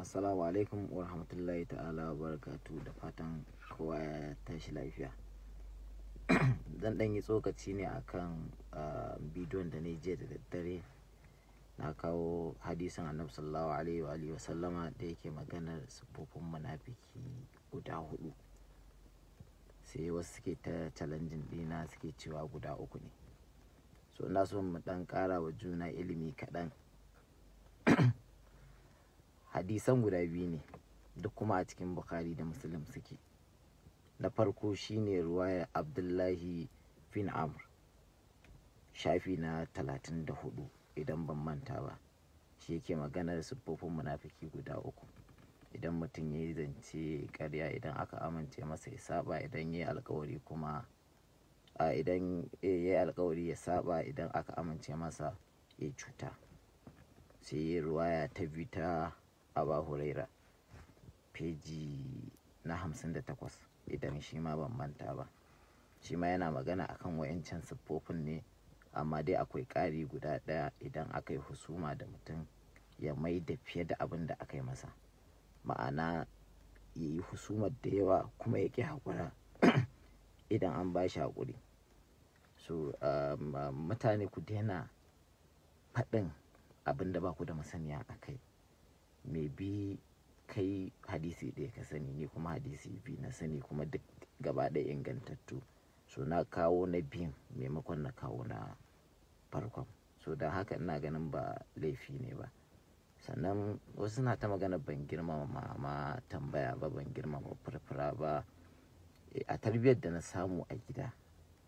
assalamu alaikum wa rahmatullahi ta'ala wa barakatu da fatan kowa ya tashi lafiya zan dan yi tsokaci ne akan ah, bidiyon da na je da daddare na kawo hadisin annabi sallallahu alaihi wa alihi sallama da yake maganar siffofin munafiki guda hudu sai wasu suke ta challenging dina suke cewa guda uku ne so na so mu dan kara wa juna ilimi kaɗan hadisan guda biyu ne duk kuma a cikin bukhari da musulun suke na farko shine ruwaya abdullahi bin amr shafi na 34 idan ban manta ba shi yake maganar siffofin munafiki guda uku idan mutum ya yi zance karya idan aka amince masa ya saba idan ya yi alkawari kuma a idan eh, ya yi alkawari ya saba idan aka amince masa ya cuta sai ruwaya ta biyu ta aba huraira feji na hamsin da takwas idan shi ma ban manta ba shi ma yana magana akan wayancan siffofin ne amma dai akwai ƙari guda ɗaya idan aka yi husuma da mutum ya mai da fiye da abin da aka yi masa ma'ana ya yi husumar da yawa kuma ya ƙi haƙura idan an ba shi haƙuri so um, mutane ku daina faɗin abin da ba ku da masaniya a kai mai bi kai hadisi ɗaya ka sani ni kuma hadisi biyu na sani kuma duk gaba ɗaya ingantattu so na kawo na biyun maimakon na kawo na farkon so da haka ina ganin ba laifi ne ba sannan wasu na ta magana ban girmama ma, tambaya ba ban girmama furfura ba eh, a tarbiyyar da na samu a gida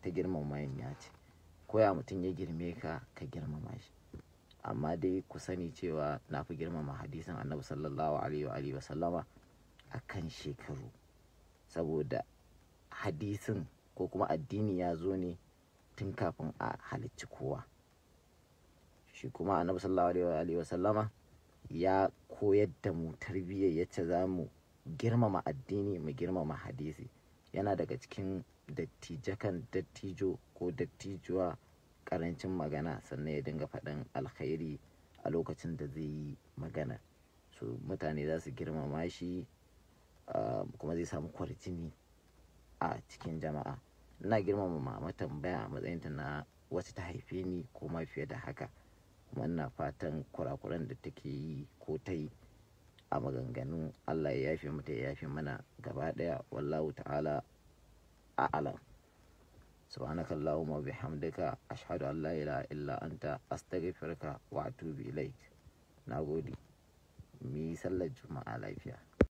ta girmama ya ce koya mutum ya girme ka ka girmama shi amma dai ku sani cewa na fi girmama hadisin annabi sallallahu alaihi wa sallama a shekaru saboda hadisin ko kuma addini ya zo ne tun kafin a halicci kowa shi kuma annabi sallallahu alaihi wa sallama ya koyar da mu tarbiyya yace za mu girmama addini mu girmama hadisi yana daga cikin dattijakan dattijo ko dattijuwa karancin magana sannan ya dinga faɗin alkhairi a lokacin da zai yi magana so mutane za su girmama shi ah, kuma zai samu kwarjini a cikin jama'a ina girmama mama tambaya a matsayinta na wacce ta haife ni ko ma fiye da haka kuma ina fatan kurakuran da take yi ko ta yi a maganganu allah ya yafe mata ya yafe mana gaba ɗaya wallahu ta'ala a alam سبحانك اللهم وبحمدك أشهد أن لا إله إلا أنت أستغفرك وأتوب إليك نقول مي سلة جمعة لايفيا